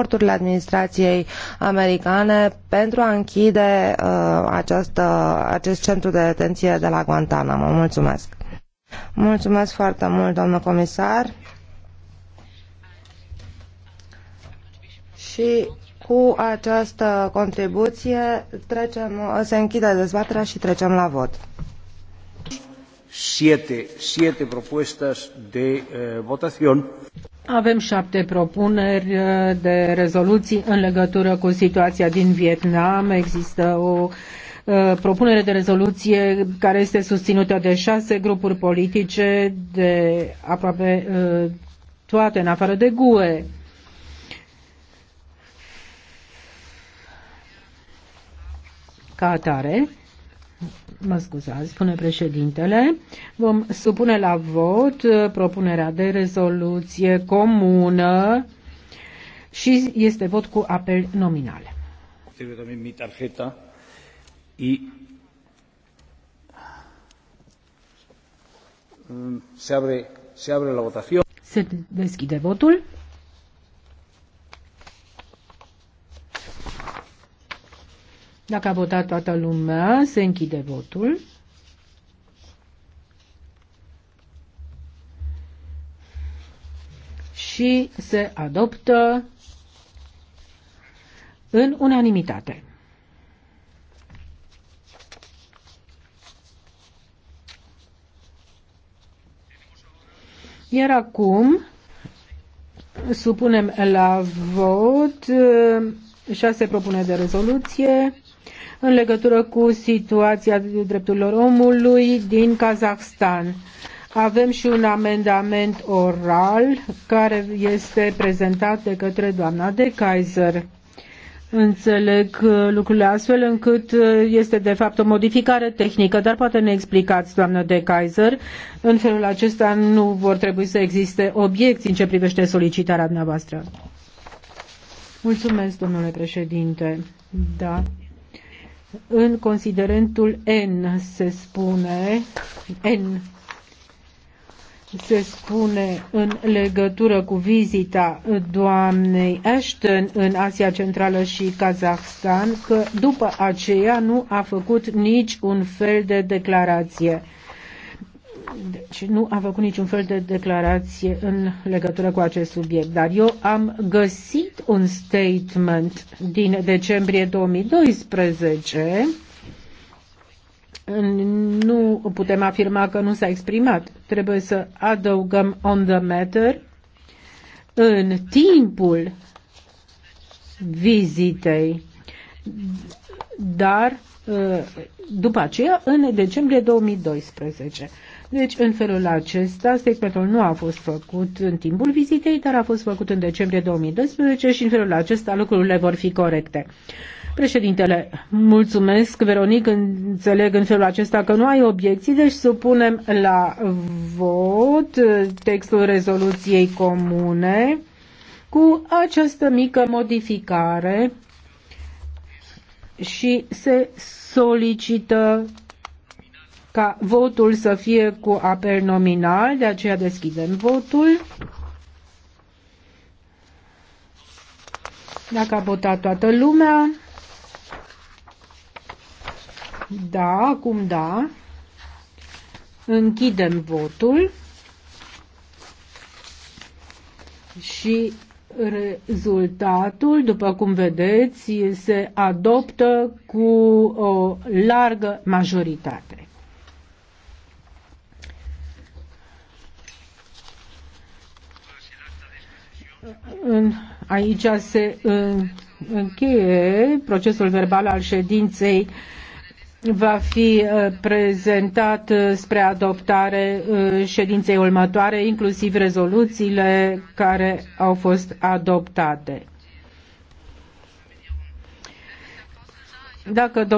eforturile administrației americane pentru a închide uh, această, uh, acest centru de detenție de la Guantanamo. Mulțumesc! Mulțumesc foarte mult, doamnă comisar! Și cu această contribuție trecem, se închide dezbaterea și trecem la vot. Siete, siete propuestas de eh, votación. Avem șapte propuneri uh, de rezoluții în legătură cu situația din Vietnam. Există o uh, propunere de rezoluție care este susținută de șase grupuri politice, de aproape uh, toate, în afară de GUE. Ca atare, Mă scuzați, spune președintele. Vom supune la vot uh, propunerea de rezoluție comună și este vot cu apel nominal. Trebuie también mi tarjeta y um, se abre, se abre la votación. Se deschide votul. Dacă a votat toată lumea, se închide votul. Și se adoptă în unanimitate. Iar acum supunem la vot uh, șase propuneri de rezoluție în legătură cu situația drepturilor omului din Kazahstan. Avem și un amendament oral care este prezentat de către doamna de Kaiser. Înțeleg uh, lucrurile astfel încât uh, este de fapt o modificare tehnică, dar poate ne explicați, doamnă de Kaiser, în felul acesta nu vor trebui să existe obiecții în ce privește solicitarea dumneavoastră. Mulțumesc, domnule președinte. Da. În considerentul N se spune, N se spune în legătură cu vizita doamnei Ashton în Asia Centrală și Kazahstan că după aceea nu a făcut nici un fel de declarație. Deci nu a făcut niciun fel de declarație în legătură cu acest subiect, dar eu am găsit un statement din decembrie 2012 nu putem afirma că nu s-a exprimat. Trebuie să adăugăm on the matter în timpul vizitei, dar ă, după aceea în decembrie 2012. Deci, în felul acesta, statementul nu a fost făcut în timpul vizitei, dar a fost făcut în decembrie 2012 și în felul acesta lucrurile vor fi corecte. Președintele, mulțumesc, Veronic, înțeleg în felul acesta că nu ai obiecții, deci supunem la vot textul rezoluției comune cu această mică modificare și se solicită ca votul să fie cu apel nominal, de aceea deschidem votul. Dacă a votat toată lumea, da, acum da, închidem votul și rezultatul, după cum vedeți, se adoptă cu o largă majoritate. în, aici se încheie procesul verbal al ședinței va fi uh, prezentat uh, spre adoptare uh, ședinței următoare, inclusiv rezoluțiile care au fost adoptate. Dacă